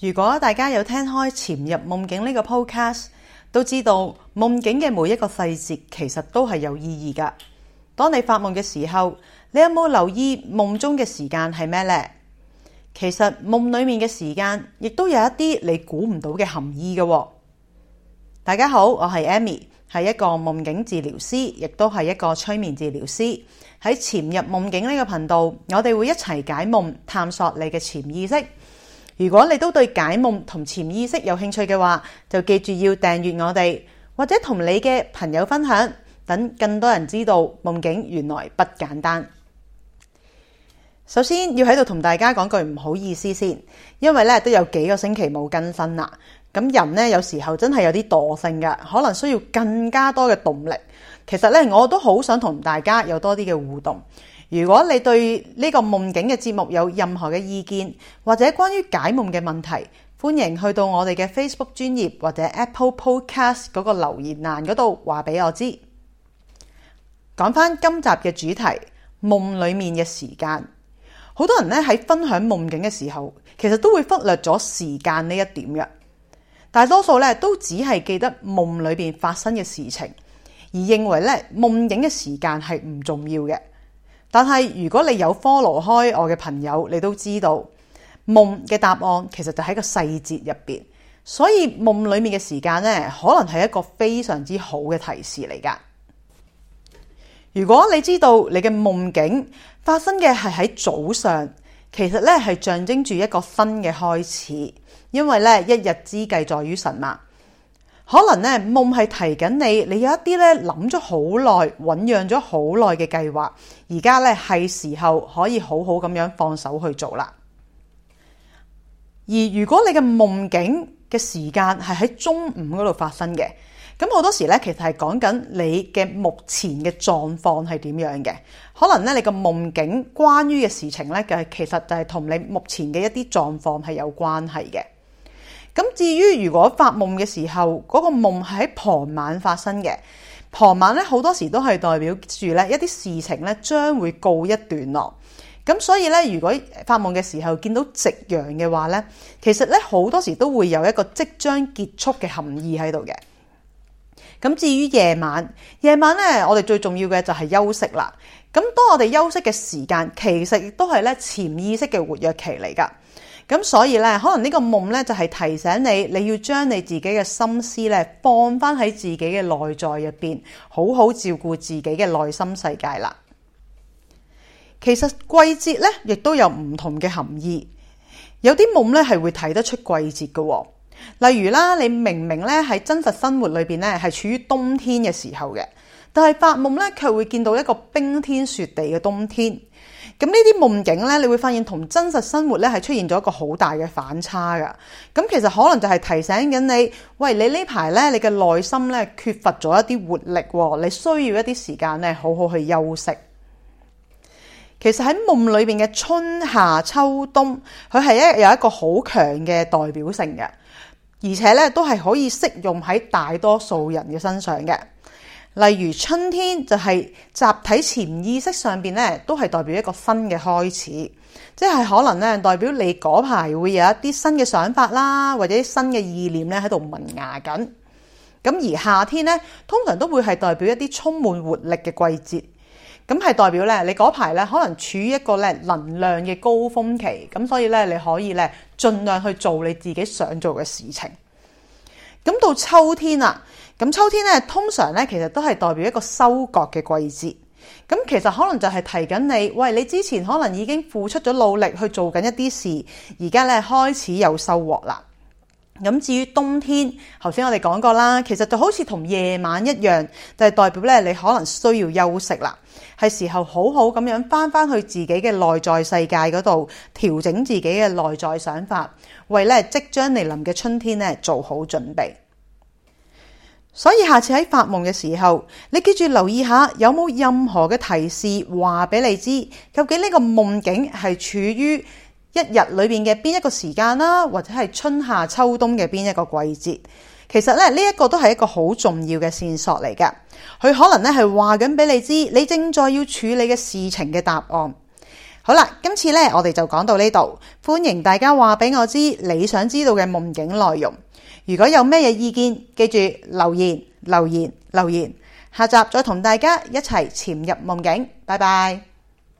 如果大家有聽開潛入夢境呢個 podcast，都知道夢境嘅每一個細節其實都係有意義噶。當你發夢嘅時候，你有冇留意夢中嘅時間係咩呢？其實夢裏面嘅時間，亦都有一啲你估唔到嘅含義噶。大家好，我係 Amy，係一個夢境治療師，亦都係一個催眠治療師。喺潛入夢境呢個頻道，我哋會一齊解夢，探索你嘅潛意識。如果你都對解夢同潛意識有興趣嘅話，就記住要訂閱我哋，或者同你嘅朋友分享，等更多人知道夢境原來不簡單。首先要喺度同大家講句唔好意思先，因為咧都有幾個星期冇更新啦。咁人咧有時候真係有啲惰性㗎，可能需要更加多嘅動力。其實咧我都好想同大家有多啲嘅互動。如果你對呢個夢境嘅節目有任何嘅意見，或者關於解夢嘅問題，歡迎去到我哋嘅 Facebook 專頁或者 Apple Podcast 嗰個留言欄嗰度話俾我知。講翻今集嘅主題，夢裏面嘅時間，好多人咧喺分享夢境嘅時候，其實都會忽略咗時間呢一點嘅，大多數咧都只係記得夢裏邊發生嘅事情，而認為咧夢境嘅時間係唔重要嘅。但係如果你有 follow 開我嘅朋友，你都知道夢嘅答案其實就喺個細節入邊，所以夢裏面嘅時間咧，可能係一個非常之好嘅提示嚟噶。如果你知道你嘅夢境發生嘅係喺早上，其實咧係象徵住一個新嘅開始，因為咧一日之計在於晨嘛。可能咧夢係提緊你，你有一啲咧諗咗好耐，醞釀咗好耐嘅計劃，而家咧係時候可以好好咁樣放手去做啦。而如果你嘅夢境嘅時間係喺中午嗰度發生嘅，咁好多時咧其實係講緊你嘅目前嘅狀況係點樣嘅。可能咧你嘅夢境關於嘅事情咧，就係其實就係同你目前嘅一啲狀況係有關係嘅。咁至於如果發夢嘅時候，嗰個夢係喺傍晚發生嘅，傍晚咧好多時都係代表住咧一啲事情咧將會告一段落。咁所以咧，如果發夢嘅時候見到夕陽嘅話咧，其實咧好多時都會有一個即將結束嘅含義喺度嘅。咁至於夜晚，夜晚咧我哋最重要嘅就係休息啦。咁當我哋休息嘅時間，其實亦都係咧潛意識嘅活躍期嚟㗎。咁所以咧，可能呢個夢咧就係提醒你，你要將你自己嘅心思咧放翻喺自己嘅內在入邊，好好照顧自己嘅內心世界啦。其實季節咧，亦都有唔同嘅含義，有啲夢咧係會睇得出季節嘅。例如啦，你明明咧喺真實生活裏邊咧係處於冬天嘅時候嘅，但係發夢咧卻會見到一個冰天雪地嘅冬天。咁呢啲夢境咧，你會發現同真實生活咧係出現咗一個好大嘅反差㗎。咁其實可能就係提醒緊你，喂，你呢排咧，你嘅內心咧缺乏咗一啲活力，你需要一啲時間咧，好好去休息。其實喺夢裏面嘅春夏秋冬，佢係一有一個好強嘅代表性嘅，而且咧都係可以適用喺大多數人嘅身上嘅。例如春天就係、是，集體潛意識上邊咧，都係代表一個新嘅開始，即係可能咧代表你嗰排會有一啲新嘅想法啦，或者新嘅意念咧喺度萌芽緊。咁而夏天咧，通常都會係代表一啲充滿活力嘅季節，咁係代表咧你嗰排咧可能處於一個咧能量嘅高峰期，咁所以咧你可以咧盡量去做你自己想做嘅事情。咁到秋天喇。咁秋天咧，通常咧，其實都係代表一個收割嘅季節。咁其實可能就係提緊你，喂，你之前可能已經付出咗努力去做緊一啲事，而家咧開始有收穫啦。咁至於冬天，頭先我哋講過啦，其實就好似同夜晚一樣，就係代表咧你可能需要休息啦，係時候好好咁樣翻翻去自己嘅內在世界嗰度調整自己嘅內在想法，為咧即將嚟臨嘅春天咧做好準備。所以，下次喺發夢嘅時候，你記住留意下有冇任何嘅提示話俾你知，究竟呢個夢境係處於一日裏邊嘅邊一個時間啦，或者係春夏秋冬嘅邊一個季節。其實咧，呢一個都係一個好重要嘅線索嚟噶。佢可能咧係話緊俾你知，你正在要處理嘅事情嘅答案。好啦，今次咧我哋就講到呢度，歡迎大家話俾我知你想知道嘅夢境內容。如果有咩嘢意見，記住留言、留言、留言。下集再同大家一齊潛入夢境，拜拜。